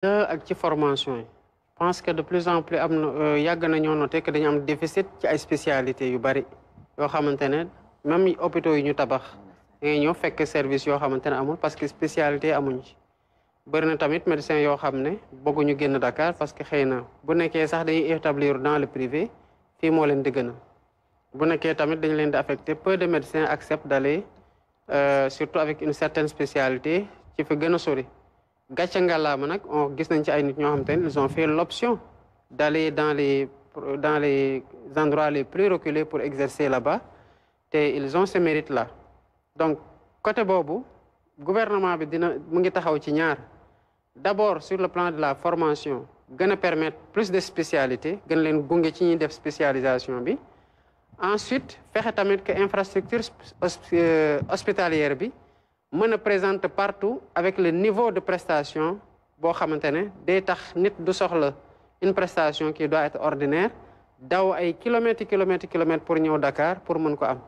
ak ci formation yi pense que de plus en plus am na euh, yàgg nañoo noté que dañu am déficit ci ay spécialités yu bari yoo xamante ne même hôpitaux yi ñu tabax dangay ñëw fekk service yoo xamante ne amul parce que spécialité amuñ ci bëri na tamit médecin yoo xam ne bëgguñu génn Dakar parce que xëy na bu nekkee sax dañu établir dans le privé fii moo leen di gën bu nekkee tamit dañu leen di affecté peu de médecins acceptent d'aller euh, surtout avec une certaine spécialité ci fi gën a sori gàcce ngàllaama nag on gis nañ ci ay nit ñoo xam te ne ils ont fait l'option d'aller dans les dans les endroits les plus reculés pour exercer là te ils ont ce mérite là donc côté boobu gouvernement bi dina mu ngi taxaw ci ñaar d'abord sur le plan de la formation gën a permettre plus de spécialités gën leen gunge ci ñuy def spécialisation bi ensuite fexe tamit que infrastructure euh, hospitalière bi mën a présente partout avec le niveau de prestation boo xamante ne day tax nit du soxla une prestation qui doit être ordinaire daw ay kilomètres kilomètres kilomètres pour ñëw Dakar pour mën ko am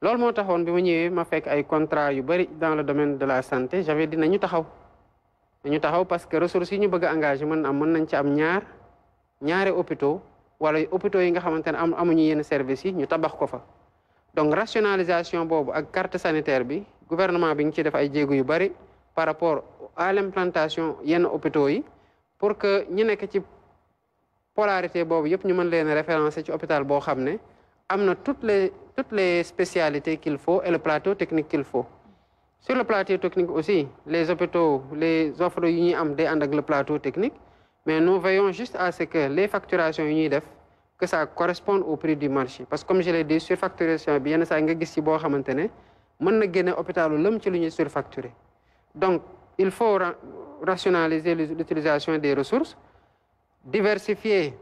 loolu moo taxoon bi mu ñëwee ma fekk ay contrat yu bëri dans le domaine de la santé j'avais dit nañu taxaw ñu taxaw parce que ressources yi ñu bëgg a engagé mën am mën nañ ci am ñaar ñaari hôpitaux wala hôpitaux yi nga xamante ne am amuñu yenn services yi ñu tabax ko fa donc rationalisation boobu ak carte sanitaire bi gouvernement bi ngi ci def ay jéego yu bari par rapport à l'implantation yenn hôpitaux yi pour que ñi nekk ci polarité boobu yëpp ñu mën leen référencer ci hôpital boo xam ne am na toutes les toutes les spécialités qu'il faut et le plateau technique qu'il faut sur le plateau technique aussi les hôpitaux les offres yu ñuy am day ànd le plateau technique mais nous veillons juste à ce que les facturations yu ñuy def que ça corresponde au prix du marché parce que comme yenn saa nga gis ci boo xamante ne mën na génne hôpitalu lëm ci lu ñuy surfacturé donc il faut rationaliser l'utilisation des ressources diversifier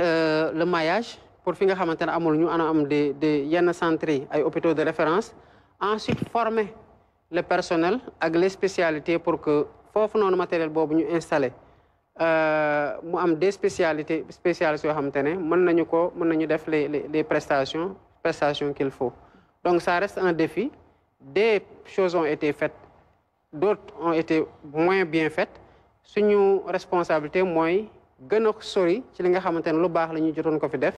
euh, le maillage pour fi nga xamante ne amul ñu ana am des des yenn centres ay hôpitaux de référence ensuite former le personnel ak les spécialité pour que foofu noonu matériel boobu ñu installé euh, mu am des spécialité spécialistes yoo xamante ne mën nañu ko mën nañu def les les prestations prestations qu'il faut Donc ça reste un défi. Des choses ont été faites, d'autres ont été moins bien faites. suñu responsabilité mooy gën a sori ci li nga xamante ne lu baax la ñu jotoon ko fi def